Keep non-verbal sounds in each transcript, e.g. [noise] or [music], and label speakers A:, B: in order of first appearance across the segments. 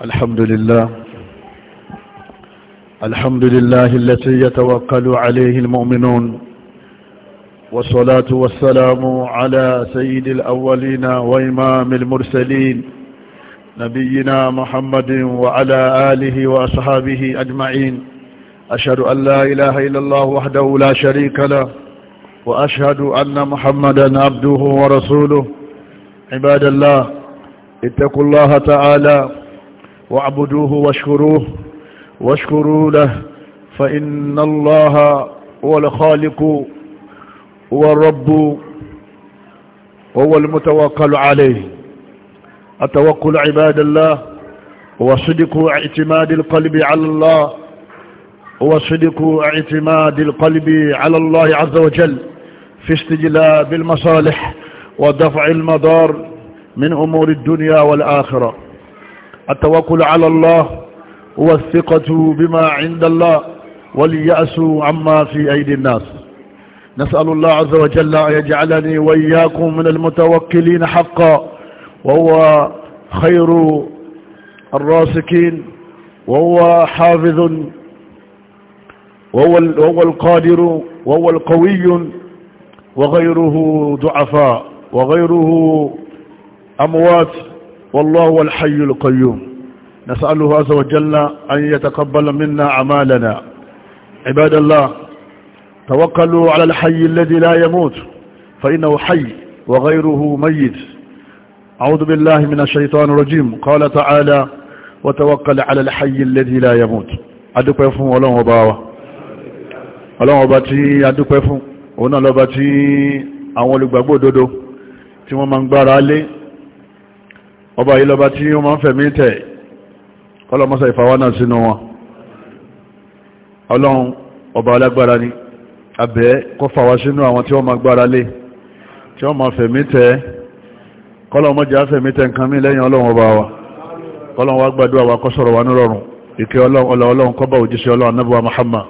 A: الحمد لله الحمد لله التي يتوكل عليه المؤمنون والصلاة والسلام على سيد الأولين وإمام المرسلين نبينا محمد وعلى آله وأصحابه أجمعين أشهد أن لا إله إلا الله وحده لا شريك له وأشهد أن محمدا عبده ورسوله عباد الله اتقوا الله تعالى واعبدوه واشكروه واشكروا له فإن الله هو الخالق والرب وهو المتوكل عليه التوكل عباد الله هو صدق اعتماد القلب على الله هو صدق اعتماد القلب على الله عز وجل في استجلاب المصالح ودفع المضار من أمور الدنيا والآخرة التوكل على الله والثقة بما عند الله واليأس عما في أيدي الناس نسأل الله عز وجل أن يجعلني وإياكم من المتوكلين حقا وهو خير الراسكين وهو حافظ وهو, وهو القادر وهو القوي وغيره ضعفاء وغيره أموات والله الحي القيوم نسأله عز وجل أن يتقبل منا أعمالنا عباد الله توكلوا على الحي الذي لا يموت فإنه حي وغيره ميت أعوذ بالله من الشيطان الرجيم قال تعالى وتوكل على الحي الذي لا يموت adúpẹ́ fún ọlọ́run ọba wa ọlọ́run ọba tí adúpẹ́ fún òun náà lọ́ba tí àwọn olùgbàgbọ́ ọba yìí lọba tí wọ́n máa ń fẹ̀mí tẹ̀ ọlọ́mọsá ìfàwọ́ náà sínú wọn ọlọ́run ọba alágbára ni abẹ́ kó fàwá sínú àwọn tí wọ́n máa gbára lé tí wọ́n máa fẹ̀mí tẹ̀ kọ́lọ́mọjá fẹ̀mí tẹ̀ nǹkan mí lẹ́yìn ọlọ́run ọba wa kọ́lọ́run wá gbàdúrà wa kọ́sọ̀rọ̀ wa nírọ̀rùn ìkẹ́ ọlọ́run kọ́bà òjíṣẹ́ ọlọ́run anábọ̀ Muhammad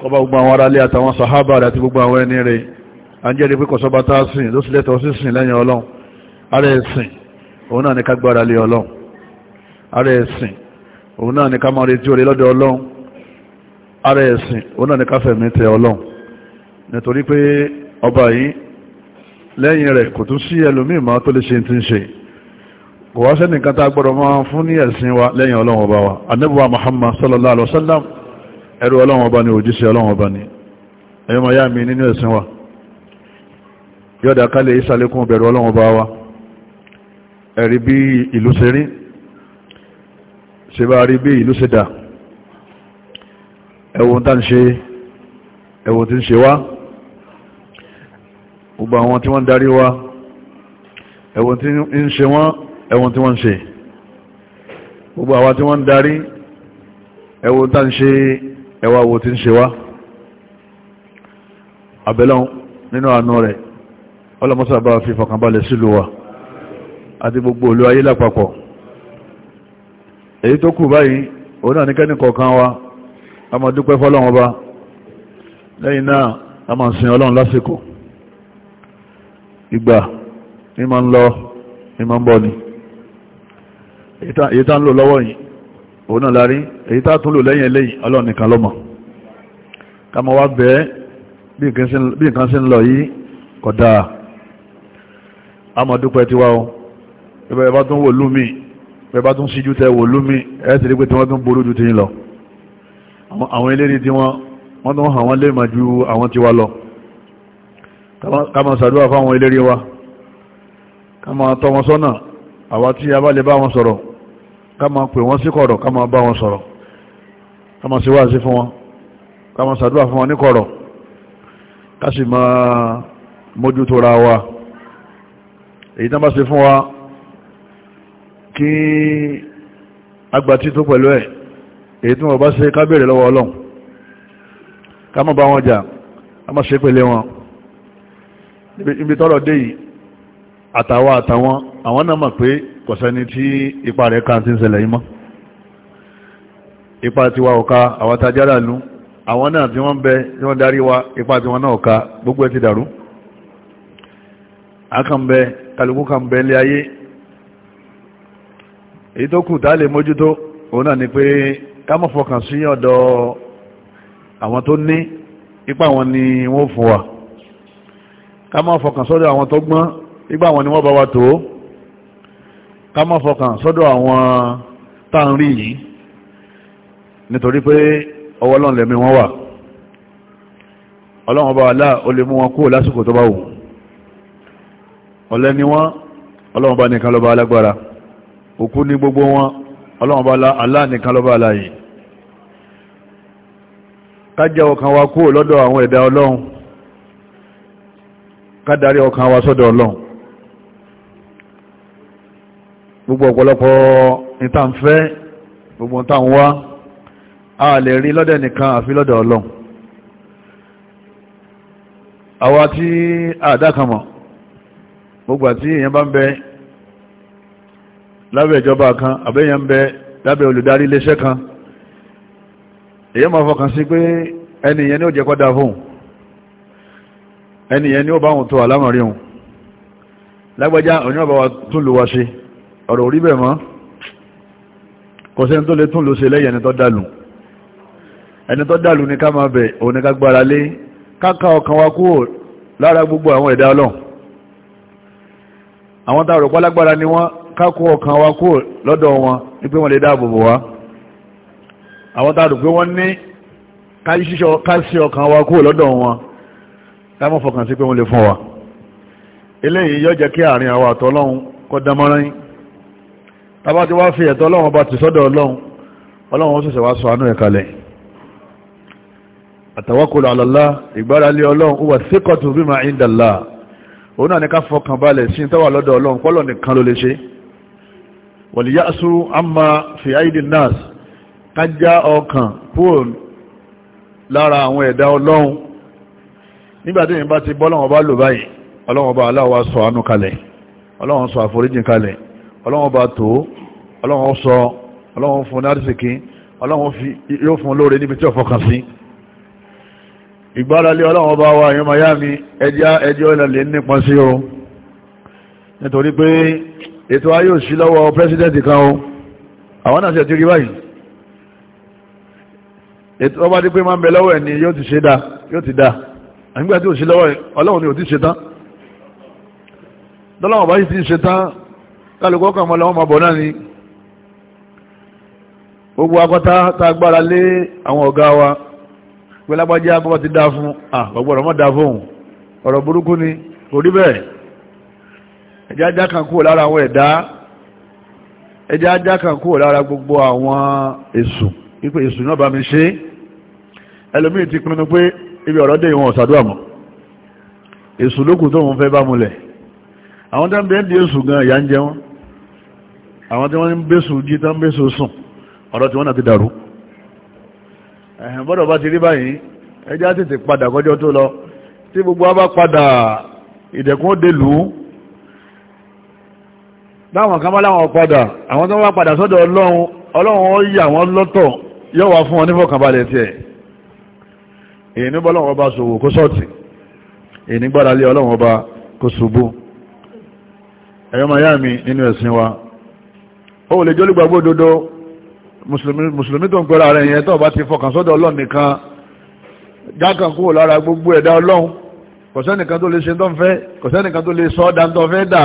A: kọba gbogbo àwọn ará ilé àtàwọn sàhábà rẹ̀ àti gbogbo àwọn ẹni rẹ̀ a ń jẹ́ ìdí òun náà ni ká gbára lé ọlọ́run ara ẹ̀sìn òun náà ni ká máa retí orí lọ́dọ̀ ọlọ́run ara ẹ̀sìn òun náà ni ká fẹ̀mí tẹ ọlọ́run nítorí pé ọba yìí lẹ́yìn rẹ̀ kò tún sí ẹlòmíì máa tó lè ṣe ti ń ṣe kò wá sẹ́nìkan tá gbọ́dọ̀ máa fún ní ẹ̀sìn wa lẹ́yìn ọlọ́run ọba wa anábùwà Muhammad sallallahu alaihi wasallam ẹrú ọlọ́run ọba ni òjíṣẹ́ ọlọ́run ọba ni ẹ̀yọ́ yá mi nínú ẹ̀sìn wa yọ́dà kálẹ̀ ìsàlékún bẹ̀rù ọlọ́run ọba wa ẹ̀rí bí ìlú ṣe rí ṣe bá rí bí ìlú ṣe dà ẹwọ́n tá ń ṣe ẹwọ́n tí ń ṣe wá gbogbo àwọn tí wọ́n darí wa ẹwọ́n tí ń ṣe wọ́n ẹwọ́n tí wọ́n ń ṣe gbogbo àwọn tí wọ́n darí ẹwọ́n tá ṣe ẹwà tí ń ṣe wá abẹ́lọ́n nínú àánú rẹ̀ ọlọ́mọ́sàbá fi fọkànbalẹ̀ sílùú wa àti gbogbo olú ayé lápapọ̀ èyí tó kù báyìí o náà ní kẹ́ni kọ̀ọ̀kan wa a máa dúpẹ́ fọ́lọ́run ọba lẹ́yìn náà a máa sin ọlọ́run lásìkò ìgbà ní máa ń lọ ní máa ń bọ̀ ni èyí tá ń lò lọ́wọ́ yìí òun náà lárí èyí tá tún lò lẹ́yìn ọlọ́run nìkan lọ́mọ ká wá a dúpẹ́ bẹ́ẹ̀ bá tún wò lómi bẹ́ẹ̀ bá tún síjú tẹ́ wò lómi ẹ̀ sì rí pé tí wọ́n tún ború ju ti ń lọ àwọn eléré tí wọ́n wọ́n tún hàn wọ́n lè mà ju àwọn ti wá lọ ká máa ṣàdúrà fáwọn eléré wa ká máa tọ́ wọn sọ́nà àwa tí a bá lè bá wọn sọ̀rọ̀ ká pè wọ́n sí kọ̀rọ̀ ká bá wọn sọ̀rọ̀ ká máa wáàsí fún wọn ká máa fún wọn ní kọ̀rọ̀ ká sì máa mójútó ra wa èyí tán bá ṣe fún wa kí agbàtí tó pẹ̀lú ẹ̀ èyí tí wọ́n bá ṣe ká bèèrè lọ́wọ́ ọlọ́run ká má bá wọn jà ká má ṣe pẹ̀lẹ́ wọn níbi tọ́rọ̀ dé yìí àtàwọn àtàwọn àwọn náà mọ̀ pé kò tí ipa rẹ̀ kan ti ń ṣẹlẹ̀ yìí mọ́ ipa tiwa ọ̀ka àwọn tajára lú àwọn náà tí wọ́n bẹ tí wọ́n darí wa ipa tiwọn náà ọ̀ka gbogbo ẹ ti dàrú akànbẹ kálukú kànbẹ ilé ayé èyí tó kù tá lè mójútó òun náà ni pé ká má fọkàn sí ọ̀dọ̀ àwọn tó ní ipá wọn ni wọ́n fún wa ká má fọkàn sọ́dọ̀ àwọn tó gbọ́n ipá wọn ni wọ́n bá wa tó ká má fọkàn sọ́dọ̀ àwọn tá rí yìí nítorí pé ọwọ́ Ọlọ́run lẹ̀mí wọn wà Ọlọ́run bá wà láà ó lè mú wọn kúrò lásìkò tó bá wù ọ̀lẹ wọ́n Ọlọ́run bá nìkan ló alágbára òkú ní gbogbo wọn ọlọ́run bá Allah nìkan lọ́ba aláyè kájá ọkàn wa kúrò lọ́dọ̀ àwọn ẹ̀dá ọlọ́run kádarí ọkàn wa sọ́dọ̀ ọlọ́run gbogbo ọ̀pọ̀lọpọ̀ ìtànfẹ́ gbogbo ìtànwá a lè rí lọ́dẹ̀ nìkan àfi lọ́dọ̀ ọlọ́run àwa tí àdákan mọ̀ gbogbo àti èèyàn bá ń bẹ lábẹ́ ìjọba kan àbẹ́yàn ń bẹ lábẹ́ olùdarí iléeṣẹ́ kan èyí máa fọkàn sí pé ẹniyàn ni ó jẹ́ kọ́dá fóun ẹniyàn ni ó bá wọn tó àlámọ̀rí òun lágbàjá òyìn ọba wa tún lù wá ṣe ọ̀rọ̀ orí bẹ̀ mọ́ kò lára gbogbo àwọn ẹ̀dá ọlọ́run àwọn tá a rò pálágbára ni wọ́n kákó ọkàn wa kó lọ́dọ̀ wọn ní pé wọ́n lè dáàbò bò wá àwọn tààdù pé wọ́n ní káṣí ọkàn wa kó lọ́dọ̀ wọn láàmú fọkàn sí pé wọ́n lè fún wa eléyìí yóò jẹ́ kí àárín àwọn àtọ́ ọlọ́run kọ́ dámọ́rán tàbá ti wá fi ẹ̀tọ́ ọlọ́run bá ti sọ́dọ̀ ọlọ́run ọlọ́run ṣẹ̀ṣẹ̀ wá sọ àánú ẹ̀ kalẹ̀ balẹ̀ sí tọ́wà lọ́dọ̀ ọlọ́run pọ́lọ̀ nìkan ló lè ṣe wàlìyàsù àmà fi àìdì nas kájá ọkàn kúrò lára àwọn ẹ̀dá ọlọ́run nígbàtí ìyìn bá ti bọ́ lọ́wọ́ bá lò báyìí ọlọ́wọ́ bá aláwọ̀ sọ àánú kalẹ̀ ọlọ́wọ́ sọ àforíjìn kalẹ̀ ọlọ́wọ́ bá tó ọlọ́wọ́ sọ ọlọ́wọ́ fún nárísìkí ọlọ́wọ́ yóò fún lóore níbi tí ọ̀fọ́kàn sí ìgbáralé ọlọ́wọ́ bá wá yọ miami ẹjẹ́ ètò ayé òsì lọ́wọ́ pẹ́sidẹ́ntì kan o àwọn náà ṣe ti rí báyìí ètò ọba dípé máa ń bẹ lọ́wọ́ ẹ̀ ni yóò ti ṣe dá yóò ti dá àyígbà tí òsì lọ́wọ́ ọlọ́run ni ò ti ṣe tán lọ́lọ́wọ́ bá yìí ti ṣe tán kálukọ́ kan mọ́ lọ́wọ́ máa bọ̀ náà ni gbogbo akọta tá a gbára lé àwọn ọ̀gá wa pé lágbájá bọ́ ti dá fún ah ọ̀rọ̀ ẹjẹ́ ajá kan kúrò lára àwọn ẹ̀dá ẹjẹ́ ajá kan kúrò lára gbogbo àwọn èṣù ipò èṣù náà bá mi ṣe ẹlòmíì ti pinnu pé ibi ọ̀rọ̀ dé ìwọ̀n ọ̀sàdúrà mọ́ èṣù lókù tó wọn fẹ́ bá múlẹ̀ àwọn tó ń bẹ́ẹ̀ di èṣù gan ìyá ń jẹ wọn àwọn tí wọ́n ń bẹ́ṣù jí tó ń bẹ́ṣù sùn ọ̀rọ̀ tí wọ́n náà ti dàrú bọ́dọ̀ bá ti rí báyìí ẹjá tètè padà kọjọ́ tó lọ tí gbogbo wa bá padà ìdẹ̀kùn ó dèlùú láwọn kan bá láwọn padà àwọn tó wá padà sọ́dọ̀ ọlọ́run ọlọ́run ó yà wọ́n lọ́tọ̀ yóò wá fún wọn nífọ̀kànbalẹ̀ tiẹ̀ èyí nígbà ọlọ́run ọba ṣòwò kó sọ́ọ̀tì èyí nígbàdà lé ọlọ́run ọba kó ṣubú ẹ̀yọ́ máa yá mi nínú ẹ̀sìn wa ó lè jólúgba gbódodo mùsùlùmí tó ń pẹ́ra rẹ̀ yẹn tó bá ti fọkàn sọ́dọ̀ ọlọ́run nìkan jákàn kúrò lára gbogbo ẹ̀dá ọlọ́run kọ̀sẹ́nìkan tó lè ṣe tó fẹ́ kọ̀sẹ́nìkan tó lè sọ ọ́ fẹ́ dà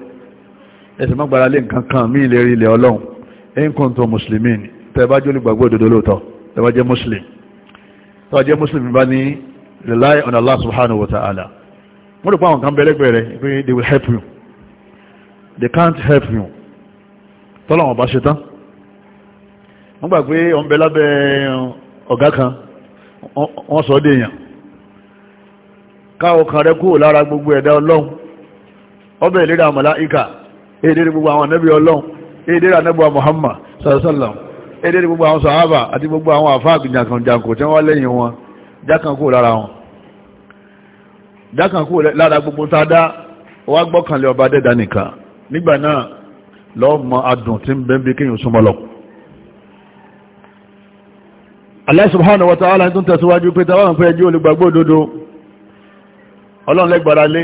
A: ẹsẹ̀ má gbára lé nǹkan kan mí ìlérí ilẹ̀ ọlọ́run in kuntum muslimin tẹ́ bá jólè gbàgbọ́ òdodo lóòótọ́ jẹ́ muslim tẹ́ jẹ́ muslim bá ní rely on Allah subhanahu wa ta'ala wọ́n rò àwọn kan bẹ̀rẹ̀gbẹ̀rẹ̀ pé they will help you they can't help you tọ́lọ̀ wọn bá ṣe tán wọ́n gbà pé ọ̀n bẹ lábẹ́ ọ̀gá kan wọ́n èdè gbogbo àwọn ànábì ọlọ́run èdè ànábì Muhammad sallallahu èdè gbogbo àwọn sàhábà àti gbogbo àwọn àfáàbì jàǹkànjàǹkò tí wọ́n lẹ́yìn wọn jákànkò lára wọn jákànkò lára gbogbo tá a dá wá gbọ́kànlé ọba dẹ́dà nìkan nígbà náà lọ́ọ́ adùn tí ń bẹ́ bí kéèyàn wa ta'ala tó ń tẹ̀síwájú pé táwọn fẹ́ jí olùgbàgbọ́ ọlọ́run lẹ́gbàrá lé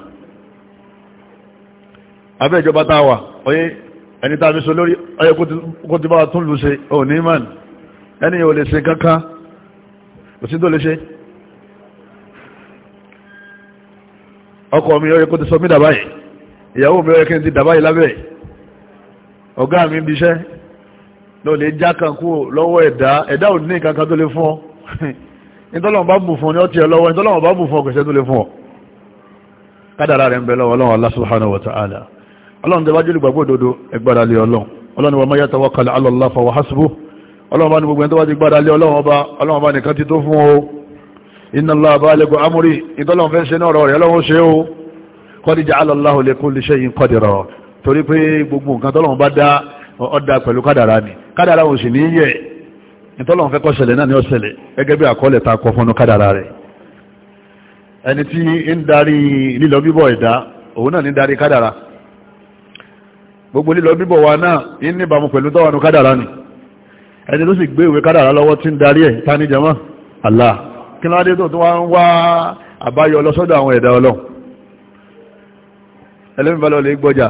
A: abẹ́ ìjọba tá a wà oyé ẹni tá a fi so lórí ọyẹ kó ti bá tún lù ṣe ò ní màn ẹni ò lè ṣe kankan kò sí tó lè ṣe ọkọ mi ọyẹ kó ti sọ mí dàbá yìí ìyàwó mi ọyẹ kí n ti dàbá yìí lábẹ́ ọ̀gá mi bí iṣẹ́ lọ lè já kan lọ́wọ́ ẹ̀dá ẹ̀dá ò ní kankan tó lè fún ọ ìtọ́lọ́wọ́n [laughs] bá bù fún ọ ní ọtí ẹ lọ́wọ́ ìtọ́lọ́wọ́n bá bù fún ọ kò ṣe tó lè fún ọ kádàrá rẹ̀ ń bẹ lọ́wọ́ Ọlọ́run Allah subhanahu wa ta'ala ọlọ́run tẹ́ bá jẹ́ olùgbàgbọ́ òdodo ẹgbàdà lé ọlọ́run ọlọ́run wa man yatawakkal ala Allah fahuwa hasbuh ọlọ́run bá ní gbogbo ẹni tó bá ti gbàdà lé ọlọ́run ọba ọlọ́run bá nìkan ti tó fún o inna Allaha balighu amri ìtọ́lọ́run fẹ́ ṣe náà rọ̀ rẹ̀ ọlọ́run ṣe o qad ja'ala Allahu li kulli shay'in qadra torí pé gbogbo nǹkan tọ́lọ́run bá dá ọ̀dà ẹni tí ń darí lílọ bíbọ̀ ẹ̀dá òun náà ní darí kádàrá gbogbo lílọ bíbọ̀ wa náà yìí níbàmú pẹ̀lú tọ́wọ́nù kádàrá ni ẹni tó sì gbé ìwé kádàrá lọ́wọ́ tí ń darí ẹ̀ ta ní jẹmọ́ Allah kí ló dé tó tó wá ń wá àbáyọ ọlọ́sọ́dọ̀ àwọn ẹ̀dá ọlọ́run ẹlẹ́mìbalọ̀ lè gbọ́jà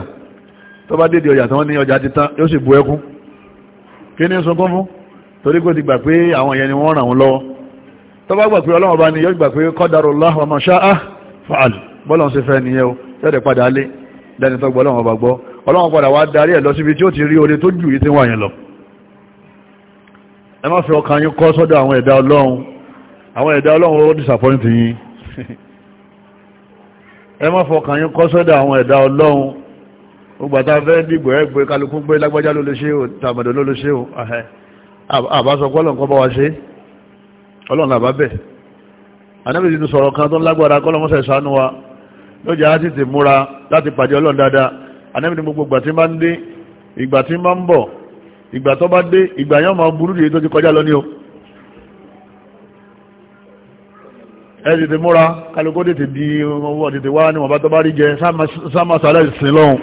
A: tó bá dédé ọjà tán ní ọjà títán yóò sì bu ẹkún kí ní sunkún fún torí wa ma fa'al bọ́lọ̀ ń ṣe fẹ́ nìyẹn o yóò dẹ̀ ọlọ́run padà wá darí ẹ̀ lọ síbi tí ó ti rí oore tó jù yìí tí wà yẹn lọ ẹ má fi ọkàn yín kọ́ sọ́dọ̀ àwọn ẹ̀dá ọlọ́run àwọn ẹ̀dá ọlọ́run ó disappoint yín ẹ má fi ọkàn yín kọ́ sọ́dọ̀ àwọn ẹ̀dá ọlọ́run gbogbo àtà fẹ́ dìgbò ẹgbẹ́ kálukú gbé lágbájá ló lè ṣe o tàbàdàn ló lè ṣe o àbáṣọ kọ́lọ̀ nǹkan bá wa ṣe ọlọ́run àbá bẹ̀ anábìsí ti sọ̀rọ̀ kan tó ń lágbára kọ́lọ̀ mọ́sẹ̀ sánú wa lójà á sì ti múra láti pàdé ọlọ́run dáadáa anẹ́bì ní gbogbo ìgbà tí bá ń dé ìgbà tí bá ń bọ̀ ìgbà tó bá dé ìgbà yẹn máa burú dìde tó ti kọjá lọ ní o ẹ tètè múra kálukó tètè di owó tètè wá níwọ̀n bá tó bá rí jẹ sáàmà ìsìn lọ́hùn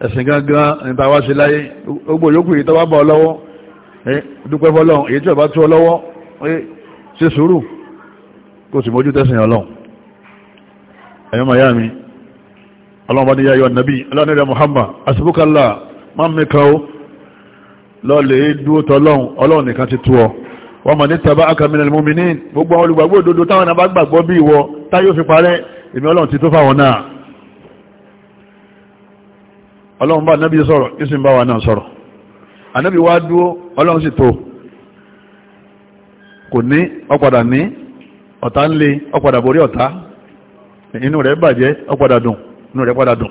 A: ẹ̀sìn gangan níta wá sí láyé gbogbo yòókù yìí tó bá bọ̀ lọ́wọ́ dúpẹ́ fọlọ́hùn èyí tí ọba tó lọ́wọ́ ṣe sùúrù kó sì mójú tẹ́sìn ọlọ́hùn ẹ̀yọ́ màyá ọlọ́run bá ní yáyọ nàbí ọlọ́nìrẹ Muhammad asibúkàlá máa mẹ́kan ó lọ́lẹ̀ dúó tọ́lọ́run ọlọ́run nìkan ti tó ọ wọ́n mọ̀ ní tàbá akamínà múmini gbogbo àwọn olùgbàgbọ́ òdodo táwọn náà bá gbàgbọ́ bí ìwọ táyọ̀ fi parẹ́ èmi ọlọ́run ti tó fáwọn náà ọlọ́run bá nàbí sọ̀rọ̀ ìsìn bá wa náà sọ̀rọ̀ ànábì wá dúó ọlọ́run sì tó kò ní ọ̀padà ní ọ̀tá ń le ọ̀padà borí ọ̀tá inú rẹ̀ bàjẹ́ ọ̀padà dùn inú rẹ̀ padà dùn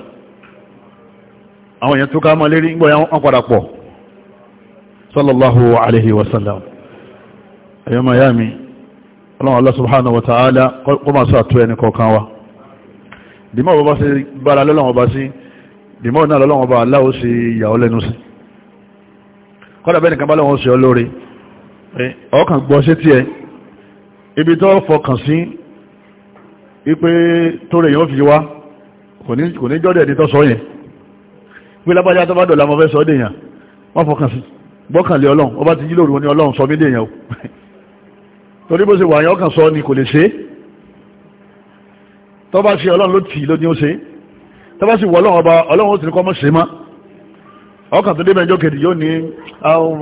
A: àwọn èèyàn tó ká mọ́ lérí gbọ́ wọn padà pọ̀ sallallahu alaihi wasallam ẹ̀yọ́ miami ọlọ́run Allah subhanahu wa ta'ala kọ́ máa sọ àtúwẹ́ ní kọ̀ọ̀kan wa dìmọ́ ọba sí bára lọ́lọ́wọ́ bá sí dìmọ́ náà lọ́lọ́wọ́ bá aláwọ́ sí ìyàwó lẹ́nu sí kọ́dà bẹ́ẹ̀ nìkan bá lọ́wọ́ sí ọlórí ọkàn gbọ́ sí tí ẹ ibi tó fọkàn sí wípé tó rẹ̀ yóò fi wá kò ní jọ́dẹ̀ ẹni tó sọ yẹn pé lábájá tó bá dọ̀lá mọ́ fẹ́ sọ dèèyàn wọ́n fọkàn sí gbọ́kànlé ọlọ́run ọba ti jí lóru ní ọlọ́run sọ mí dèèyàn o [laughs] torí bó ṣe wà yẹn ọkàn sọ ni kò lè ṣe tó bá ṣe ọlọ́run ló tì í ló ní ó ṣe tó bá sì wọ ọlọ́run ọba ọlọ́run ó ti ní kọ́ mọ́ ṣe mọ́ ọkàn tó dé mẹ́jọ kejì yóò ní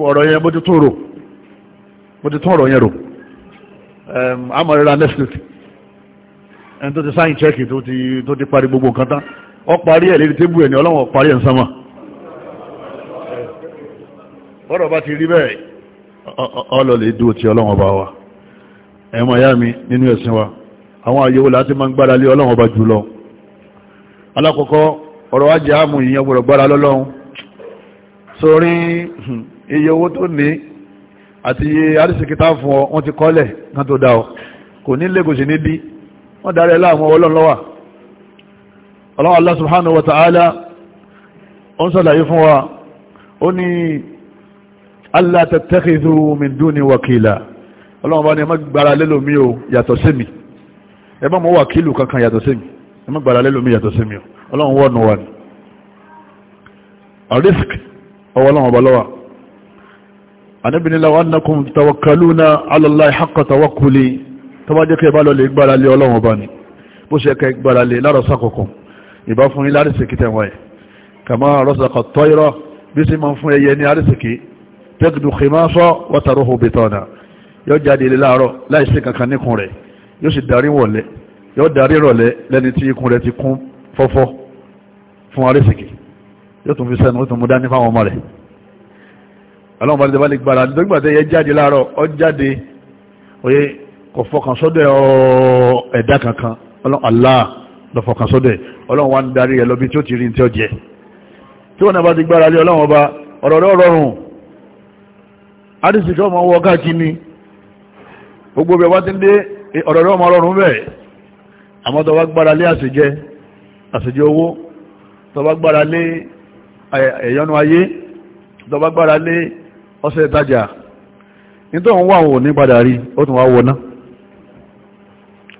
A: ọ̀rọ̀ yẹn bó ti tún rò bó ti tún ọ̀rọ̀ yẹn rò àmọ̀ next week ẹni tó ti sáyìn chẹ́kì tó ti parí gbogbo nǹkan tán ọ parí ẹ̀ lérí tébù ẹ̀ ní parí ẹ̀ sánmà ọ̀rọ̀ bá ti rí bẹ́ẹ̀ ọlọ́lẹ̀ dúó ti ọlọ́wọ̀n bá wa ẹ̀mọ̀ ya mi nínú ẹ̀sìn wa àwọn àyẹ̀wò láti máa ń gbára lé ọlọ́wọ̀n bá jùlọ alákọ̀ọ́kọ́ ọ̀rọ̀ wá jẹ́ àmù ìyẹn gbọ́dọ̀ gbára lọ́lọ́run sórí iye owó tó ní àti iye arísìkítà fún ọ wọ́n ti kọ́lẹ̀ kan tó dá ọ kò ní lẹ́gòsì ní bí wọ́n darí láàmú ọlọ́run lọ́wà ọlọ́run Allah subhanahu wa ta'ala ó ń sọ̀làyé fún wa ó ní Allah tattakhidhu min duni wakila ọlọ́run bá ní ẹmọ́ gbára lẹ́lòmí o yàtọ̀ sí mi ẹmọ́ mọ́ wàkílù kankan yàtọ̀ sí mi ẹmọ́ gbára lẹ́lòmí yàtọ̀ sí mi ọlọ́run wọ́n tó bá jẹ́ kẹ́ bá lọ lè gbára lé ọlọ́run ọba ni bó ṣe kẹ́ gbára lé lárọ̀sá kọ̀kan ìbá fún yín lárísìkí tẹ̀wọ̀n ẹ̀ kàmá rọ́sàkọ̀ tọ́yọ́rọ́ bí sí máa fún ẹyẹ ní àrísìkí tẹ́gùdù kìmáṣọ́ wátàróhù bìtọ́nà yóò jáde ilé láàárọ̀ láìsí kankan níkùn rẹ̀ yóò sì darí wọ̀lẹ́ yóò darí rọ̀lẹ́ kò fọkàn sọ́dẹ̀ ẹ̀dá kankan ọlọ́run Allah lọ fọkàn sọ́dẹ̀ ọlọ́run wa ń darí ẹ̀ lọ́bí tí ó ti rí ní tí ó jẹ tí wọ́n náà bá ti gbára lé ọlọ́run ọba ọ̀rọ̀ rẹ̀ rọrùn adìsí kí ọmọ wọ káàkiri gbogbo bẹ̀ wá ti ń dé ọ̀rọ̀ rẹ̀ ọmọ rọrùn bẹ́ẹ̀ àmọ́ tó bá gbára lé àṣejẹ àṣejẹ owó tó bá gbára lé ẹ̀yọ́nú ayé tó bá gbára lé ọṣẹ ìtajà nítorí wọn wà wọn ní padà rí ó tún wá wọná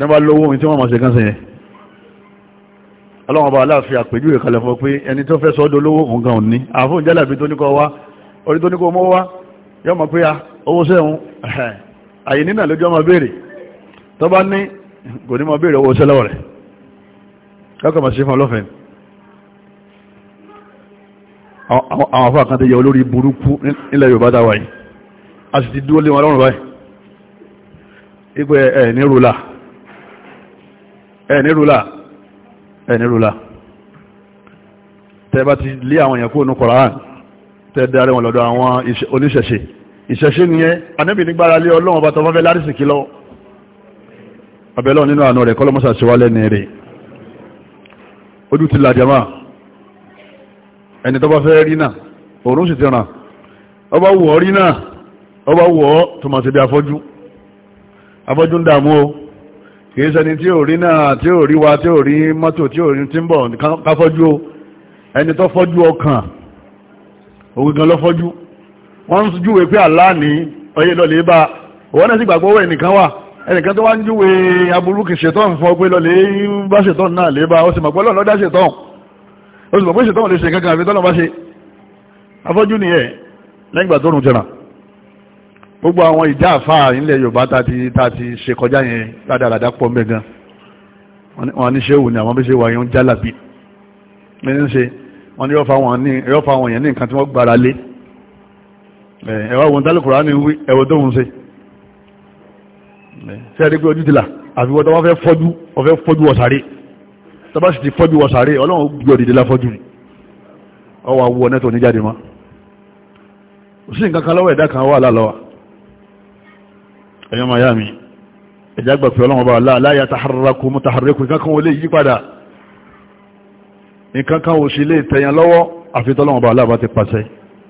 A: nígbà lówó ohun tí wọ́n mọ̀ sí kan sí yẹn ọlọ́wọ́n bá aláàfin àpèjúwe kalẹ̀ fún pé ẹni tó fẹ́ sọ́dọ̀ lówó òun gan òní àfún jálàbí tó ní kọ́ wá orí tó ní kọ́ mọ́ wá yọ́ mọ̀ pé a ah, owó sẹ́hun àyè nínà lójú ọmọ béèrè tó bá ní kò ní mọ béèrè owó sẹ́lọ́wọ̀ rẹ̀ lọ́kọ̀ sí fún ọlọ́fẹ́ àwọn afọ àkàntẹ́ yẹ olórí burúkú nílẹ̀ Yorùbá dáwà yìí a sì ti dúró lé wọn lọ́rùn báyìí ẹ̀ ní rúlà ẹ̀nìrúlà ẹ̀nìrúlà tẹ́ bá ti lé àwọn èèyàn kúrò ní Koran tẹ́ darí wọn lọ́dọ̀ àwọn oníṣẹ̀ṣe ìṣẹ̀ṣe nìyẹn anábì nígbára lé ọlọ́run bá tọ́fẹ́fẹ́ lárísìkí lọ abẹ́lọ́ nínú àánú rẹ̀ kọ́lọ́mọ́sà ṣe wá lẹ́ni rẹ̀ ojú ti làjàmá ẹni tó bá fẹ́ kìí ṣẹni tí ò rí náà tí ò rí wa tí ò rí mọ́tò tí ò rí tí ń bọ̀ káfọ́jú ẹni tó fọ́jú ọkàn ogungan lọ fọ́jú wọ́n ń júwe pé àlá ní ọyẹ́ lọ́lẹ̀ bá wọ́n náà sì gbàgbọ́ wẹ̀ nìkan wà ẹnìkan tó wá ń júwe aburú kì ṣetán fọ́ pé lọ́lẹ̀ bá ṣetán náà lè bá ó sì mọ̀pọ̀ lọ́dá ṣetán ó sì mọ̀pọ̀ ṣetán lè ṣe kankan àfi tọ́lọ́ bá ṣe afọ́jú nìyẹn lẹ́yìn ìgbà tó rùn jẹrán gbogbo àwọn ìjà àfáà ilẹ̀ yorùbá tàti tàti ṣe kọjá yẹn ládàradà pọ̀ mẹ́ gan wọ́n ní ṣe wù ní àwọn bí ṣe wà yẹn ń jálàbí mẹ́rin ṣe wọ́n ní yọ́fà wọn yẹn ní nǹkan tí wọ́n gbára lé ẹ̀wà wọn tálùkùrá ní wí ẹ̀wọ̀ tó ń ṣe ṣe rí pé ojú ti là àfi wọ́n tó wọ́n fẹ́ fọ́jú wọ́n fẹ́ fọ́jú ọ̀sàrí tó bá sì ti fọ́jú ọ̀sàrí ọlọ́run gbé ẹ̀yọ́ ma yá mi ẹ̀já gbà pé ọlọ́wọ́ bá láyà tàhàràkù mú tàhàràkù kankan wọlé yí padà nǹkankan ò sí lè tẹ̀yàn lọ́wọ́ àfitọ́ ọlọ́wọ́ bá aláàbá ti pàṣẹ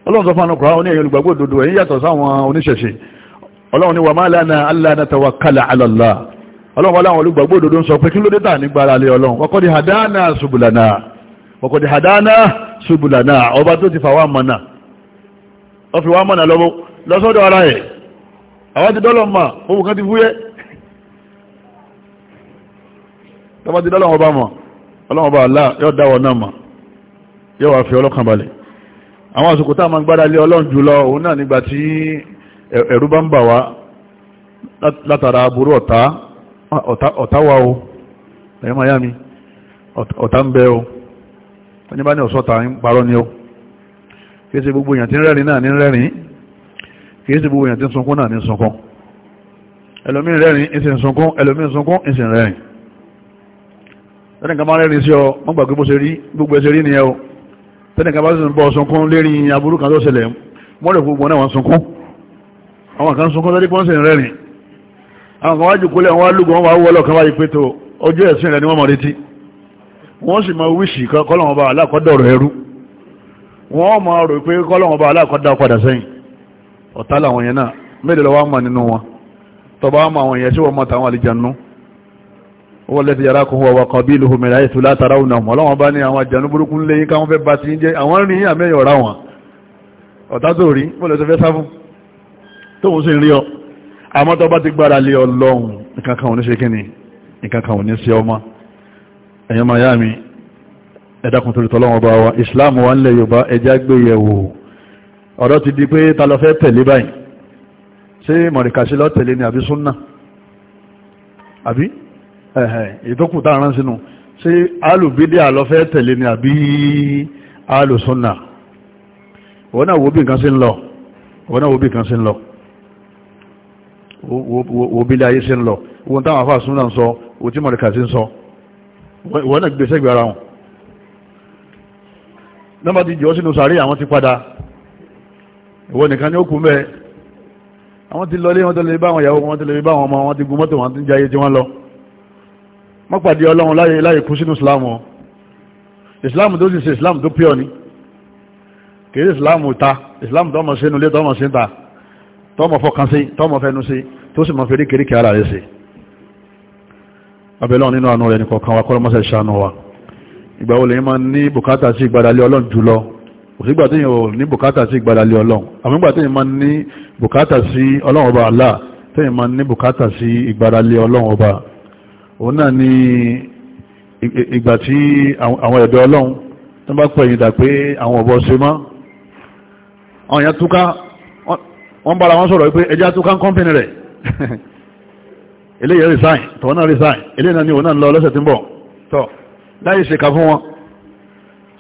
A: ọlọ́wọ́ sọ fánà kùrá oní ẹ̀yìn olùgbàgbọ́ òdodo ẹ̀yìn yàtọ̀ sáwọn oníṣẹ̀ṣe ọlọ́wọ́ ni wà má lánà aláàna tawakkala ala Allah ọlọ́wọ́ láwọn olùgbàgbọ́ òdodo ń sọ pé kí ló dé tà nígbàrà lọ́sọ́dọ̀ ara ẹ̀ àwọn ti dọ́lọ̀ mà ohun kan ti fúyẹ́ tọ́bá ti dọ́lọ̀ ọba aláà dáwọ̀ náà wà fi ọlọ́kàn àwọn àsìkò tá a máa gbára lé ọlọ́run jùlọ òun náà nígbà tí ẹ̀rú bá ń bà wá látara aburú ọ̀tá wa o ẹ̀yẹ́ ọ̀tá ń bẹ o bá ní ọ̀sọ́ta ń parọ́ ni o kìí sí gbogbo èèyàn tí ń sunkún náà ní sunkún ẹlòmí rẹ́rìn ìsìn sunkún ẹlòmí sunkún ìsìn rẹ́rìn tẹ́nìkan bá rẹ́rìn sí ọ wọ́n gbàgbé bó ṣe rí gbogbo ẹsẹ̀ rí nìyẹn o tẹ́nìkan bá sì ń bọ́ sunkún lérí aburú kan tó ṣẹlẹ̀ wọ́n lè gbogbo náà wọ́n sunkún àwọn kan sunkún lórí pọ́ńsì rẹ́rìn àwọn kan wájú kólẹ̀ wọn lúgọ wọn wọ́ lọ́kàn wáyé pé tó ojú ẹ̀sìn rẹ̀ ni wọ́n mọ̀ retí wọ́n sì mọ wíṣì kọ́lọ́wọ́n bá aláàkọ́dọ̀rọ̀ ẹrú wọ́n mọ rò pé kọ́lọ́wọ́n bá aláàkọ́dá padà sẹ́yìn ọ̀tá làwọn yẹn náà mélòó lọ́wọ́ àmà nínú wọn tọba àmà àwọn yẹn tí wọ́n mọ̀ táwọn àlìjànú wọ́n lẹ́sẹ̀ yàrá kó wọ́n wọ́kọ̀ bí ìlú mẹ́rin ayé tó látara òun náà ọlọ́wọ́n bá ní àwọn àjànú burúkú ń léyìn káwọn fẹ́ bá ti ń jẹ́ àwọn rìn àmẹ́yìn ọ̀rá wọn ọ̀tá tó rí wọ́n lẹ́sẹ̀ fẹ́ sá fún tóun sì ń rí ọ àmọ́ tọba ti gbára lé ọlọ́run nǹkan kan ò ní ṣe kí ni nǹkan kan ò ní ṣe ọmọ ẹ̀yọ́ máa yá mi ẹ̀dàkùn torí tọ́lọ́wọ́n bá wa ìsìláàmù wa ń lẹ̀ Yorùbá ẹjá gbéyẹ̀wò ọ̀rọ̀ ti di pé ta lọ fẹ́ tẹ̀lé báyìí ṣé mọ̀rìkàṣí lọ tẹ̀lé ni àbí súnà àbí ẹ̀hẹ̀ ìtókù tá rán sínú ṣé alùbídíà lọ fẹ́ tẹ̀lé ni àbí alùsúnà wọ́n náà wo bí nǹkan sí ń lọ wọ́n náà wo bí nǹkan sí ń lọ wo bí ilé ayé sí ń lọ wọ́n táwọn afá súnà ń sọ wọ́n tí mọ̀rìkàṣí ń sọ wọ́n náà gbèsè ara wọn ìwọ nìkan ní ó kú mẹ́ àwọn ti lọlé wọn tó lè bá àwọn ìyàwó wọn tó lè bá àwọn ọmọ wọn ti gun mọ́tò wọn ti ń jayé tí wọ́n lọ wọ́n pàdé ọlọ́run láyé láyé kú sínú islam wọn islam tó sì ṣe islam tó pure ni kìí islam ta islam tọ́mọ̀ sínú ilé tọ́mọ̀ sí ta tọ́mọ̀ fọkàn sí tọ́mọ̀ fẹnu sí tó sì mọ̀ fèrè kìríkì ara rẹ̀ sí abẹ́lọ́run nínú àánú rẹ̀ nìkọ̀ọ̀kan wa kọ́lọ́mọ́sẹ̀ ṣàánú wa ìgbà wo lè máa ní bùkátà sí ìgbàdálẹ́ ọlọ́run jùlọ òsígbà tí yíò ní bùkátà sí ìgbàdàlẹ̀ ọlọ́run àmúgbà tí yíò máa ní bùkátà sí ọlọ́run ọba Allah tí yíò máa ní bùkátà sí ìgbàdàlẹ̀ ọlọ́run ọba òun náà ni ìgbà tí àwọn ẹ̀dọ́ ọlọ́run tó bá pẹ̀yìn dà pé àwọn ọ̀bọ̀ ṣe mọ́ àwọn èèyàn túká wọ́n bára wọn sọ̀rọ̀ pé ẹjá túká kọ́mpìnì rẹ̀ [laughs] eléyìí resign tọ́wọ́n náà resign eléyìí náà ni òun náà lọ lọ́sẹ̀ tí ń bọ̀ tọ́ láyé ṣèkà fún wọn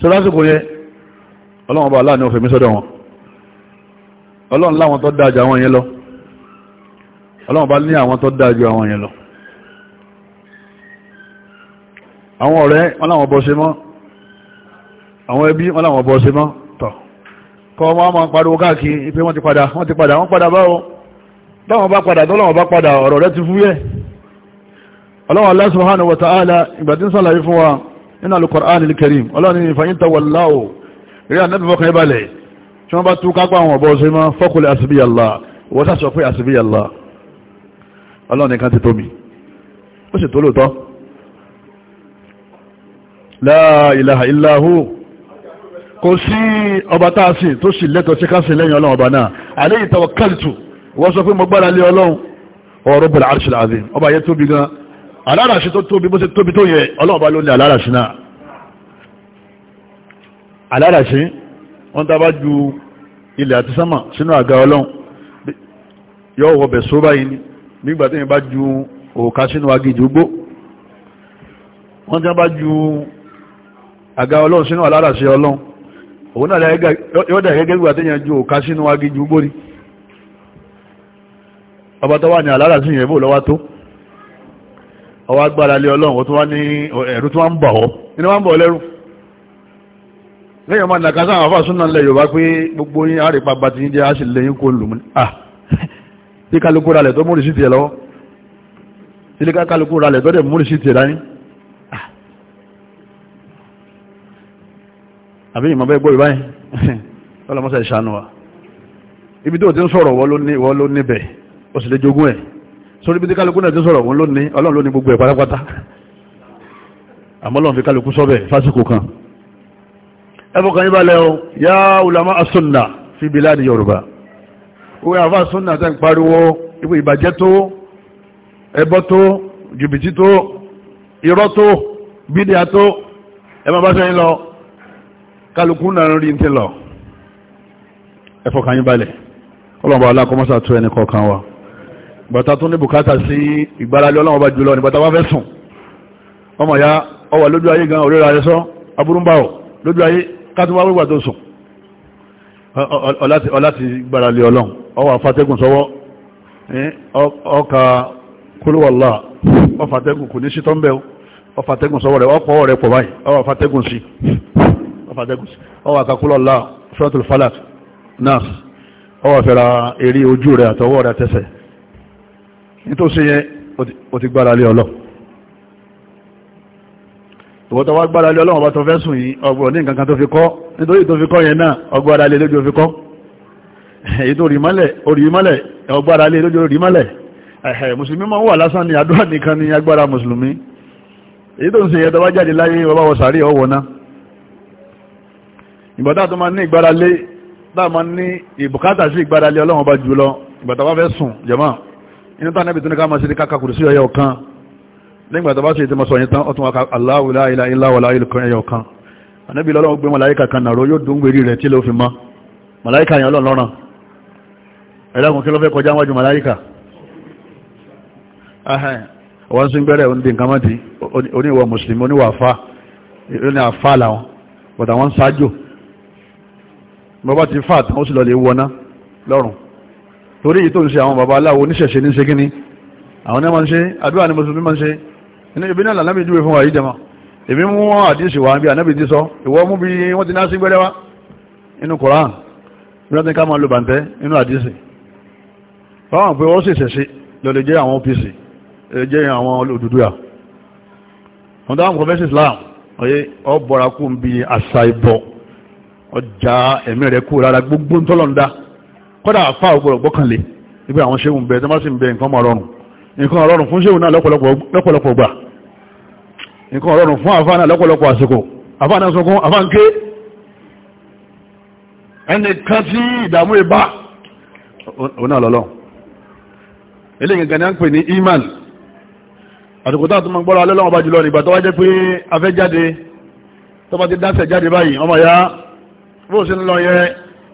A: ṣe lásìkò yẹn ọlọ́run bá aláàánú òfin mísọ́dọ̀ wọn ọlọ́run láwọn tó dáa ju àwọn yẹn lọ ọlọ́run bá ní àwọn tó dáa ju àwọn yẹn lọ àwọn ọ̀rẹ́ wọn láwọn bọ́ ṣe mọ́ àwọn ẹbí wọn láwọn bọ́ ṣe mọ́ tọ̀ kọ́ wọn máa pariwo káàkiri pé wọ́n ti padà wọ́n ti padà wọ́n padà báwo táwọn bá padà tọ́lọ́wọ́n bá padà ọ̀rọ̀ rẹ ti fúyẹ́ ọlọ́run Allah subhanahu wa ta'ala ìgbà tí ń sàlàyé fún wa nínú al-Qur'an al-Karim ọlọ́run rí ànábì fọkàn ẹ balẹ̀ tí wọ́n bá tú kápá àwọn ọ̀bọ̀ ṣe máa fọ́kùnlẹ̀ àṣìbíyàlá wọ́n sá sọ pé àṣìbíyàlá ọlọ́run nìkan ti tóbi ó sì tó lóòtọ́ la ilaha illa hu kò sí ọba táàsì tó sì lẹ́tọ̀ sí káàsì lẹ́yìn ọlọ́run ọba náà alayhi tawakkaltu wọ́n sọ pé mo gbára lé ọlọ́run ọ̀rọ̀ aláràṣí wọ́n tàbá ju ilẹ̀ àti sánmà sínú àga ọlọ́run yóò wọ̀bẹ̀ só báyìí ni nígbàtí yẹn bá ju òkà sínú agìjì ugbó wọ́n tàbá ju àga ọlọ́run sínú aláràṣí ọlọ́run òun náà yóò dà gẹ́gẹ́ gbàtí yẹn ni ọba tó wà ní aláràṣí yẹn bó lọ́wọ́ tó ọwọ́ agbára lé ọlọ́run tó wá ní ẹ̀rù tó wá ń bọ̀ ọ́ inú wá ń bọ̀ lẹ́rù lẹ́yìn ọmọ ìdàkà sáwọn àfáà súnà lẹ yorùbá pé gbogbo yín àrípa bá ti ń jẹ́ àṣì lẹ́yìn kó lùmú ah tí kálukú ralẹ̀ tó múrì sí tiẹ̀ lọ́wọ́ tí kálukú ralẹ̀ tó dẹ̀ múrì sí tiẹ̀ dání àbí ìmọ̀ bẹ́ẹ̀ gbọ́ ìbáyìí ọlọ́mọsẹ̀ [laughs] ìṣànú wa ibi tó ti ń sọ̀rọ̀ wọ́n ló níbẹ̀ ó sì lè jogún ẹ̀ sórí ibi tí kálukú náà ti ń sọ̀rọ̀ wọ́n ló ní ọlọ́run ló ní gbogbo ẹ̀ pátápátá àmọ́ ọlọ́run fi kálukú sọ́bẹ̀ fásitì kan ẹbùkan yí balẹ̀ o ya ulama asunna fi biladi yorùbá wọ́n yà fà sunna tẹ́ ń pariwo ipò ìbàjẹ́ tó ẹbọ tó jìbìtì tó irọ́ tó bídíà tó ẹ máa bá sẹ́yìn lọ kálukú náà rí ti lọ ẹfọkàn yí balẹ̀ ọlọ́mọba alákọmọ́sà tó ẹni kọ̀ọ̀kan wa bàtà tó ní bùkátà sí ìgbáralé ọlọ́mọba jùlọ ní bàtà wá fẹ́ sùn ọmọ ya ọwà lójú ayé gan orí rẹ sọ aburú ń bá ọ lójú ayé kátùwá wíwà tó sùn ọláti gbára lé ọlọ́run ọwà fàtẹ́gùn sọwọ́ ọkà kúlúwọ̀lá ọfàtẹ́gùn kò ní sí tọ́ ń bẹ́ ọfàtẹ́gùn sọwọ́ rẹ̀ ọpọ̀ rẹ̀ pọ̀ báyìí ọwà fàtẹ́gùn sí ọwà kakúlọ̀lá suratul falak nas ọwà fẹ́ra eré ojú rẹ̀ àtọwọ́ rẹ̀ àtẹsẹ̀ nítòsí yẹn ó ti gbára lé tòwọ́tọ̀ wá gbára lé ọlọ́wọ́ bá tó fẹ́ sùn yìí ọgbọ̀n ní nǹkan kan tó fi kọ́ nítorí tó fi kọ́ yẹn náà ọgbára lé lójú fi kọ́ èyí tó rí mọ́lẹ̀ ọgbára lé lójú rí mọ́lẹ̀ ẹ̀hẹ̀ mùsùlùmí máa wà lásán ni àdúrà nìkan ni agbára mùsùlùmí èyí nígbà tó bá ṣe ìtìmọ̀ sọ̀yìn tán ó tún wá Allahu la ilaha illa huwa láyé kan ẹyọ kan ànábì lọ́lọ́run gbé màláíkà kan nàró yóò dún gbèrí rẹ̀ tí ló fi mọ́ màláíkà yẹn lọ́nà ẹ̀lẹ́kùn kí ló fẹ́ kọjá wájú màláíkà wọ́n sí gbẹ́rẹ̀ onídìí nǹkan mọ́dí oníwọ̀ mùsùlùmí oníwọ̀ àfá ní àfá làwọn bọ̀dà wọ́n sáájò bọ́ bá ti fà tán ó sì lọ lè wọná lọ́rùn torí àwọn ní ṣe ṣe àdúrà ni mùsùlùmí máa ṣe ibi náà lànàbí júwe fún wa yìí jẹma èmi mú wọn àdíṣì wa bí ànábì ti sọ ìwọ mú bí wọ́n ti ná sí gbẹ́rẹ́ wá inú koran bí wọ́n ti ká máa lo bàǹtẹ́ inú àdíṣì báwọn pé wọ́n sì ṣẹ̀ṣẹ̀ lọ lè jẹ́ àwọn OPC lè jẹ́ àwọn Odùduwà wọn dáwọn kọfẹ́sì Islam ọyẹ ọ bọ̀ra kú ọjà ẹ̀mí rẹ̀ kú rárá gbogbo ń tọ́lọ̀ ń dá kọ́dà àfà ògbọ̀rọ̀ ibi àwọn ṣéwùn bẹ̀ tẹ́másì ń bẹ nǹkan mọ̀ nǹkan ọ̀rọ̀rùn fún ṣéhùn náà lọ́pọ̀lọpọ̀ gbà nǹkan ọ̀rọ̀rùn fún àfáà náà lọ́pọ̀lọpọ̀ àsìkò àfáà náà sọkún àfáà ń ké ẹnìkan tí ìdààmú ìbá òun náà lọ́lọ́ ilé ìgbẹ̀gbẹ̀ ni a ń pè ní iman àtùkùtà tó máa gbọ́ra alẹ́lọ́wọ́ bá jùlọ nígbà tó wá jẹ́ pé afẹ́ jáde tó bá ti dáṣẹ̀ jáde báyìí ọmọ ya bóòsí ń lọ yẹ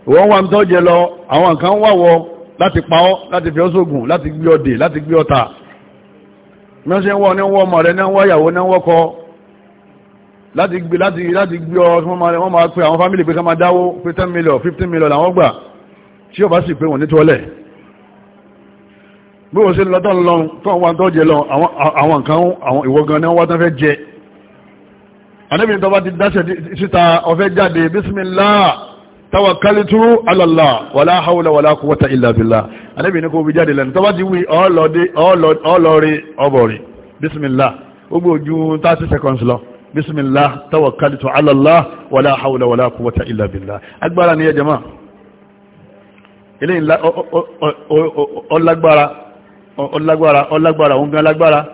A: ìwọ́n wà ń tọ́jẹ lọ àwọn kan wà wọ láti pa ọ́ láti fi ọ́ sóògùn láti gbé ọdẹ láti gbé ọta mẹ́sẹ̀ ń wọ́ ní wọ́ ọmọ rẹ̀ ní wọ́ ìyàwó ní wọ́ kọ láti gbé láti láti gbé ọ tí wọ́n máa pe àwọn fámìlì pé ká máa dáwó pé million fifteen million làwọn gbà tí yóò bá sì pé wọ́n ní tọ́lẹ̀ bí wọ́n ṣe lọ tán lọ tán wà tán jẹ lọ àwọn nǹkan àwọn ìwọ gan ni wọ́n wá tán fẹ́ jẹ anábìrin tó bá ti dáṣẹ síta ọ̀fẹ́ jáde tawakalitu alala wala hawla wala quwwata illa billah anabi ni ko bi jáde lẹ́nu tọ́wá ti wí ọlọ́rí ọbọ̀rí bismillah gbogbo ojú 30 seconds lọ bismillah tawakalitu alala wala hawla wala quwwata illa billah agbára ni ẹjẹ̀má ilé ọlágbára ọlágbára ọlágbára òun gan lágbára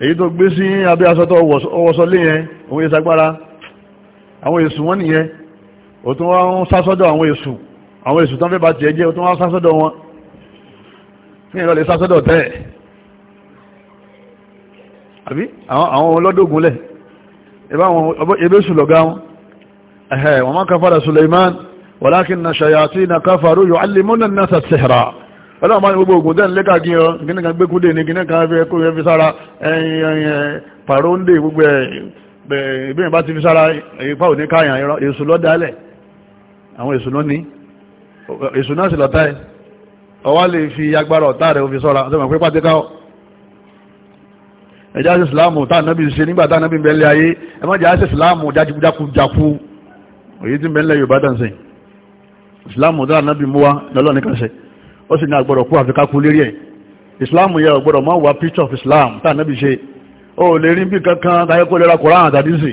A: èyí tó gbé sí abẹ́ asọ́tọ̀ ọwọ́sọ́lé yẹn òun yẹ sagbára àwọn èsùn wọ́n nìyẹn ó tún wá ń sásọ́dọ̀ àwọn èṣù àwọn èṣù tán fẹ́ bá tiẹ̀ jẹ́ ó tún wá ń sásọ́dọ̀ wọn fún ìrọ̀ lè sásọ́dọ̀ tẹ́ ẹ̀ àbí àwọn ọlọ́dọ̀gúnlẹ̀ ebe èṣù lọ̀gá wọn ẹ̀hẹ́ wa ma kafara Suleiman walakinna shayatina kafaru yu'allimuna an-nasa as-sihra ọlọ́run bá ní gbogbo ògùn ìbí ìbá ti fi sára ìpá òní káyàn èṣù lọ́dálẹ̀ àwọn èsù lónìí èsù náà sì lọ́tà ẹ̀ ọwọ́ lè fi agbára ọ̀tá rẹ̀ òfin sọ́ra ọ̀tọ́ mọ̀ pé pàtẹ́ká ọ̀ ẹjá sí ìsìláàmù tá ànábì ṣe nígbà tá ànábì bẹ̀lẹ̀ ayé ẹ má jẹ́ sí ìsìláàmù jákujákujáku òye tí bẹ̀lẹ̀ Yorùbá dànsẹ̀ ìsìláàmù wa lọ́lọ́ ṣe ó sì of Islam tá ànábì ṣe ó lè rí bí kankan táyé kó lera Kùránì àtàdísì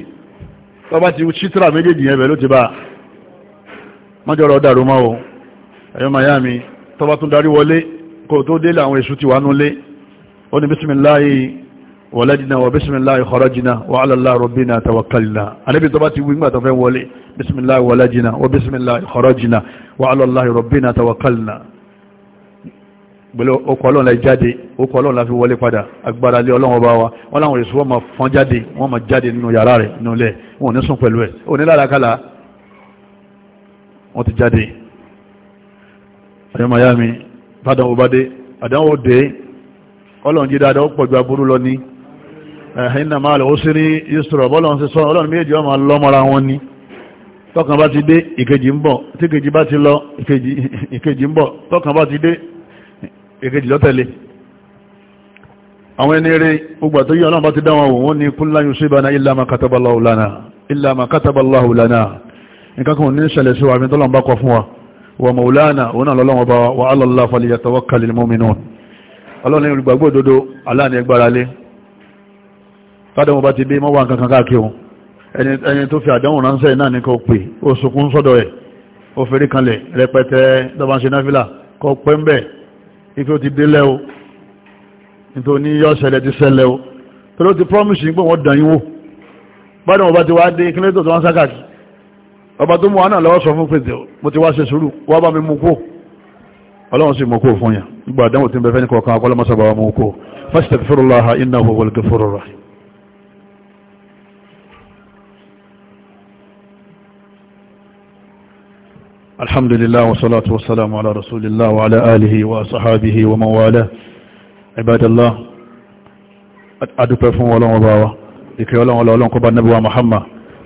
A: tó bá ti ṣítíra méjèèjì yẹn ló ti bá mọ́jọ́rọ̀ dàrú mọ́ o ẹ̀yọ́ miami tọba tún darí wọlé kò tó délé àwọn èṣù ti wà núlé ó ní bísmìláì wọlẹ́dìna wọ bísmìláì kharajna wà alàlá rọ̀bìnà tawakkalna alẹ́bí tọba ti wí gbàtọ̀ fẹ́ wọlé bísmìláì wọlẹ́dìna wọ bísmìláì kharajna wà alàlá rọ̀bìnà tawakkalna gbẹ̀lẹ̀ okọ̀ ọlọ́run la jáde okọ̀ ọlọ́run la fi wọlé padà agbára lé ọlọ́run ọba wa wọ́n láwọn èṣù wọ́n ma fọ́n jáde wọ́n ti jáde ẹ̀yọ́ miami bádánwò bá dé àdánwò dé ọlọ́run jí dáadáa ó pọ̀jù aburú lọ ní ẹ̀hìnà máa lọ ó sí ní sí sọ ọlọ́run méjì ọmọ lọ́mọ́ra wọn ni tọ́kan bá ti dé ìkejì ń bọ̀ tí bá ti lọ ìkejì [laughs] ń bọ̀ bá ti dé ìkejì lọ́tẹ̀lé àwọn ẹni ugbà tó yí ọlọ́run bá ti wò wọ́n ní kúnlá yusuf nǹkan kan ní ṣẹlẹ̀ sí wa bí tọ́lọ̀ ń bá kọ fún wa wa maulana ona náà lọ́lọ́wọ́ bá wa ala Allah falyatawakkalil mu'minun ọlọ́ni olùgbàgbọ́ òdodo aláàni ẹgbàra lé tádọ́mọ bá ti bí mọ́wà nǹkan kan káàkiri ẹni tó fi àdánwò ránṣẹ́ náà ní kò pè ó sunkún sọ́dọ̀ ẹ̀ ó fẹ́rí kanlẹ̀ rẹpẹtẹ dọ́bánṣe náfílà kọ pẹ́ ń bẹ̀ ife ó ti dé lẹ́o nítorí ní yọ́ ṣẹlẹ̀ ti tó wọ́n dàn ọba tó mú wa náà lọ́wọ́ sọ fún pèsè mo ti wá ṣe sùúrù wá bá mi mú kó ọlọ́run sì mú kó fún yà nígbà àdánwò tí ń bẹ ní kọ̀ọ̀kan akọ́lọ́mọ́sọ̀bà wa mú kó fastaghfirullaha innahu huwal ghafurur rahim الحمد لله والصلاة والسلام على رسول الله وعلى آله وصحابه ومن عباد الله أدوبة فون ولون وباوة لكي ولون ولون قبى النبي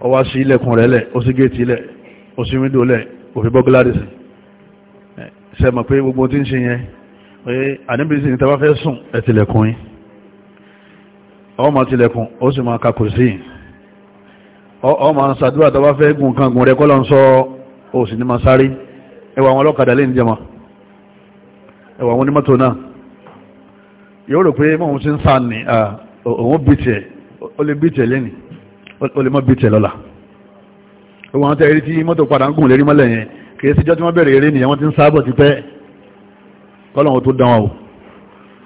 A: ó wá sí ilẹ̀kùn rẹ̀ lẹ̀ ó sí géètì lẹ̀ ó sí wíńdò lẹ̀ ó fi bọ́gílárì sí ṣe mọ̀ pé gbogbo tí ń ṣe yẹn pé àníbìsí ní tàbá fẹ́ sùn ẹ tilẹ̀kùn yín ó máa tilẹ̀kùn ó sì máa ka kùrsí ó yóò rò pé mọ̀ òun ti ń sàn ní òun bìtì lẹ́nìí ó lè mọ́ bí tẹ̀ lọ́la gbogbo àwọn tẹ́rí tí mọ́tò padà ń gùn lérí mọ́lẹ̀ yẹn kìí síjọ́ tí wọ́n bẹ̀rẹ̀ eré nìyẹn wọ́n ti ń sábọ̀ ti pẹ́ kọ́lọ̀hún tó dánwà o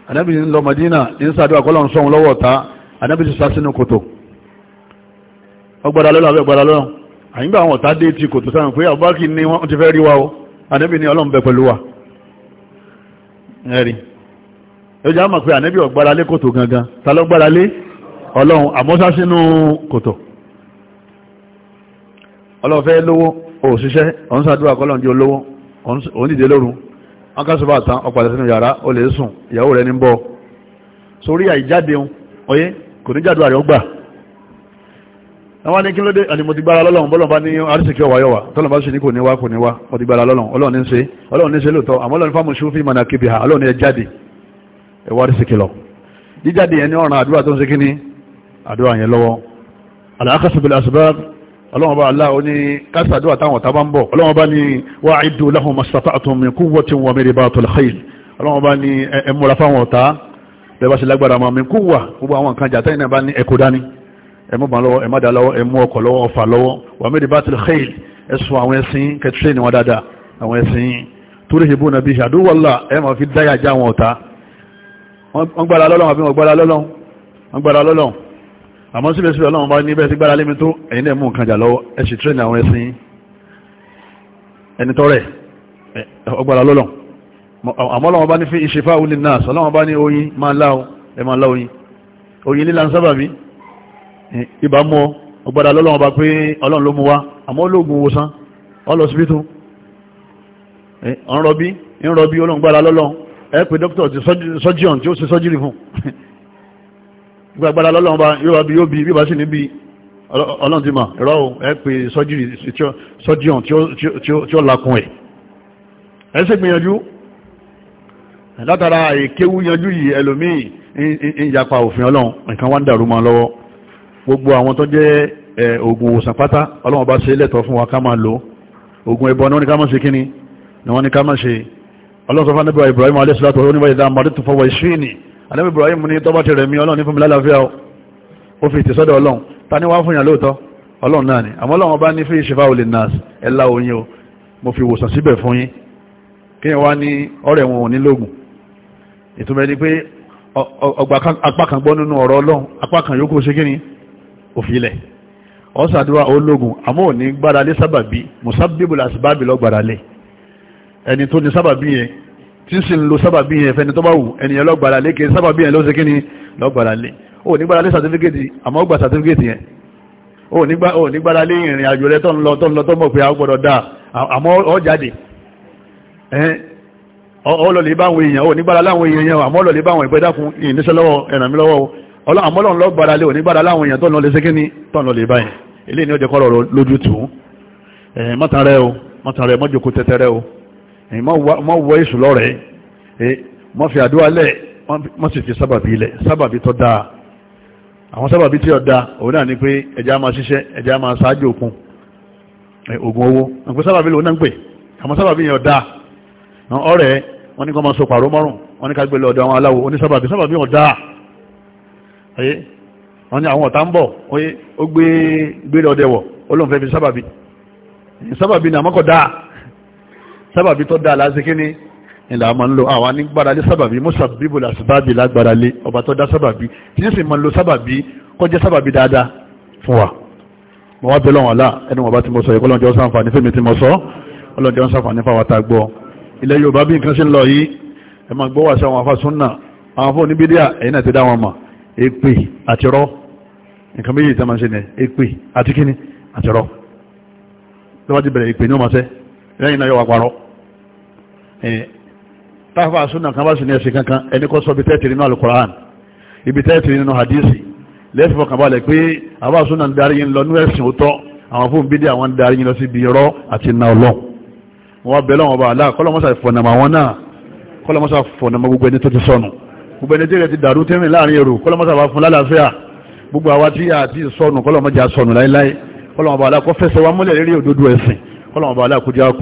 A: anábì ń lọ Madina ní sàdúrà kọ́lọ̀hún sọ́hun lọ́wọ́ ta anábì ti sá sínú kòtò ọgbàdà lọ́la ọgbàdà lọ́rùn àyínbá àwọn ọ̀tá dé ti kòtò sáà pé àbúbákì ni wọ́n ti fẹ́ rí wa o anábì ni Ọlọ́run bẹ pẹ̀lú wa ẹ̀rí ẹjọ́ á mọ̀ pé anábì ọ̀gbàdà lé kòtò gangan ta lọ́gbàdà lé ọlọ́run àmọ́sá sínú kòtò ọlọ́fẹ́ lówó òṣìṣẹ́ ọ̀nsàdúrà kọlọ̀ di olówó òǹdìdè lórun ọkásùbà tán ọpàdà sínú yàrá ó lè sùn ìyàwó rẹ̀ ní bọ́ sórí àìjáde oyé kò ní wọ́n ní kí ló dé lọ́lọ́run bọ́lọ̀ bá ní tọ́lọ̀ bá sì ní kò kò lọ́lọ́run ọlọ́run ní ṣe àdúrà yẹn lọ́wọ́ aláàkásùbìlẹ̀ asbab ọlọ́wọ́ bá aláà ní kásàdúwà táwọn tàbá ń bọ̀ ọlọ́wọ́ bá ní wà áìdù lahum mastata'tum min quwwatin wa miribatul khayl ọlọ́wọ́ bá ní ẹmúra fáwọn ọ̀tá bẹ́bá sí lágbàdà ma min quwwa gbogbo àwọn nǹkan jàtá ìnà bá ní ẹkù dání ẹmú bàn lọ́wọ́ ẹmọ́dà lọ́wọ́ ẹmú ọkọ̀ lọ́wọ́ ọfà lọ́wọ́ wa miribatul khayl ẹsùn àwọn ẹṣin kẹtìrẹ́nì wọn dáadáa àwọn àmọ́ síbẹ̀síbẹ̀ ọlọ́run bá níbẹ̀ sí gbára lémi tó ẹ̀yin náà mú nǹkan jà lọ́wọ́ ẹ sì tírẹ̀nì àwọn ẹṣin ẹni tọ́rẹ̀ ọgbàrá lọ́lọ́n àmọ́ ọlọ́run bá ní fi ìṣẹ́fà ulin nas ọlọ́run bá ní oyin máa láwọn ẹ máa lá oyin oyin líla ń sábà bí ibà mọ́ ọgbàrá lọ́lọ́run bá pé ọlọ́run ló mú wá àmọ́ olóògùn wosan ọlọ́sibítù ọ̀nrọ̀bí ọlọ́run gbára lọ́lọ́run ẹ pé dókítà ti sọ́jíọ̀n gbàgbàrà lọ́lọ́run bá yóò bí yóò bí bí bá sì níbi ọlọ́run ti mà ẹ̀rọ ẹ pé sọ́jírì sọ́jíọ̀n tí ó lakun ẹ̀ ẹ sì gbìyànjú látara èkéwú yanjú yìí ẹlòmíì ń yapa òfin ọlọ́run nǹkan wá ń dàrú mọ́ lọ́wọ́ gbogbo àwọn tó jẹ́ oògùn òwòsàn pátá ọlọ́run bá ṣe lẹ́tọ̀ọ́ fún wa ká máa lò oògùn ẹbọ ni wọ́n ní ká máa ṣe kíni ni wọ́n ní ká máa ṣe ọlọ́run sọ fún anábíwá Ibrahim alayhi salatu ní wáyé dá ànábì Ibrahim ní tọ́bá ti rẹ̀ mí ọlọ́run ní fún mi lálàáfíà ó fi ìtìsọ́dọ̀ ọlọ́run ta ní wá fún yàn lóòótọ́ ọlọ́run náà ni àmọ́ ọlọ́run bá ní fi ìṣẹ́fà olè nas ẹ̀la oyin o mo fi wòsàn síbẹ̀ fún yín kí wá ní ọ̀rẹ́ wọn ò ní lóògùn ìtumọ̀ ẹni pé ọgbà apá kan gbọ́ nínú ọ̀rọ̀ ọlọ́run apá kan yókù ṣe kíni òfilẹ̀ ọ̀sàdúrà ológun àmọ́ ò ní gbára sábàbí musabibul asbábì lọ gbára ẹni tó ní sábàbí yẹn tí sì ń lo sábàbí yẹn fẹni tó bá wù ẹniyàn lọ́gbàrà lé kìí sábàbí yẹn ló ṣe kí ni lọ́gbàrà lé o nígbàrà lé sàtífíkètì àmọ́ ó gbà sàtífíkètì yẹn o nígbàrà lé ìrìn àjò rẹ tó ń lọ tó ń lọ tó mọ̀ pé a gbọ́dọ̀ dáa àmọ́ ọ jáde ọlọ́lẹ̀ báwọn èèyàn o nígbàrà láwọn èèyàn yẹn àmọ́ ọlọ́lẹ̀ báwọn ìpẹ́dá ni tó ń lọ lè báyìí eléyìí ni ó jẹ́ kọ́rọ̀ lójú tù ú mọ́tàn rẹ o mọ́ wọ èṣù lọ́rẹ̀ mọ́ fi àdúrà lẹ̀ mọ́ sì fi sábàbí ilẹ̀ sábàbí tó dáa àwọn sábàbí tí ó dáa òun náà ni pé ẹja máa ṣiṣẹ́ ẹja máa ṣáájú òkun ògùn owó nípa sábàbí lòun náà ń pè àwọn sábàbí yẹn ọ̀dá ọ̀rẹ́ wọn ní kọ́ máa so pàrọ̀ mọ́rùn wọn ní ká gbé lọ ọ̀dọ̀ àwọn aláwo oní sábàbí sábàbí ọ̀dá wọ́n ní àwọn ọ̀tá ń bọ̀ ó gbé gbé lọ́dẹ̀wọ̀ ó lóun fẹ́ fi sábàbí sábàbí ni àmọ́kọ̀ dáa sábàbí tó dáa láti kíní ìlà àmà ń lo àwọn anígbára lé sábàbí mọ́sàbíbò làṣìbábì lágbára lé ọba tó dá sábàbí tí ní sì máa ń lo sábàbí kó jẹ́ sábàbí dáadáa fún wa mo wá bẹ́lọ̀ wọn là ẹni wọn bá ti mọ sọ ẹ̀kọ́ lọ́njọ́ sáǹfààní fẹ́mi ti mọ sọ ọlọ́njọ́ sáǹfààní fáwọn ta gbọ́ ilẹ̀ Yorùbá bí nǹkan ṣe ń lọ yìí ẹ máa gbọ́ wà sí àwọn afásúnà àwọn fún oníbídíà ẹ̀yìn àti dá wọn mọ̀ èpè àti nǹkan méjì tẹ́ máa ń ṣe ní èpè àti kíní àti rọ́ lọ́wọ́ ti bẹ̀rẹ̀ èpè ní ọmọ sẹ́ lẹ́yìn náà yọ wà parọ́ táfà súnà kan bá sì ní ẹ̀sìn kankan ẹni kọ́ sọ bí tẹ́ẹ̀tì nínú alukoran ibi tẹ́ẹ̀tì nínú hadisi lẹ́sìn fọkàn balẹ̀ pé àbá súnà darí yín lọ ní ẹ̀sìn òótọ́ àwọn fún bídí àwọn darí yín lọ sí ibi irọ́ àti iná ọlọ́run wọ́n bẹ̀ lọ́wọ́ bá aláà kọ́lọ́mọ́sà fọ̀nàmà wọn náà kọ́lọ́mọ́sà fọ̀nàmà gbogbo ẹni tó ti sọnù gbogbo ẹni tí rẹ̀ ti dàrú tẹ́rìn láàrin èrò kọ́lọ́mọ́sà bá fún lálàáfíà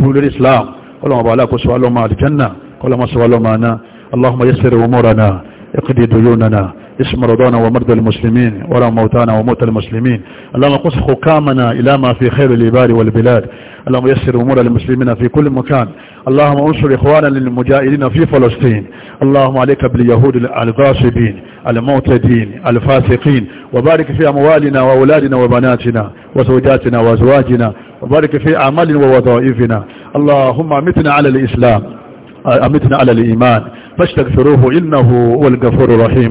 A: gbogbo a ti ọlọ́wọ́n bá aláàkóso alọ́mọ àlìjánà kọlọ́mọ sọ alọ́mọ àná allahumma yassir umurana iqdi duyunana اسم مرضانا ومرضى المسلمين ولا موتانا وموتى المسلمين اللهم قص حكامنا إلى ما في خير الإبار والبلاد اللهم يسر أمور المسلمين في كل مكان اللهم انصر إخوانا للمجاهدين في فلسطين اللهم عليك باليهود الغاصبين المعتدين الفاسقين وبارك في أموالنا وأولادنا وبناتنا وزوجاتنا وأزواجنا وبارك في أعمالنا ووظائفنا اللهم أمتنا على الإسلام أمتنا على الإيمان فاستغفروه إنه هو الغفور الرحيم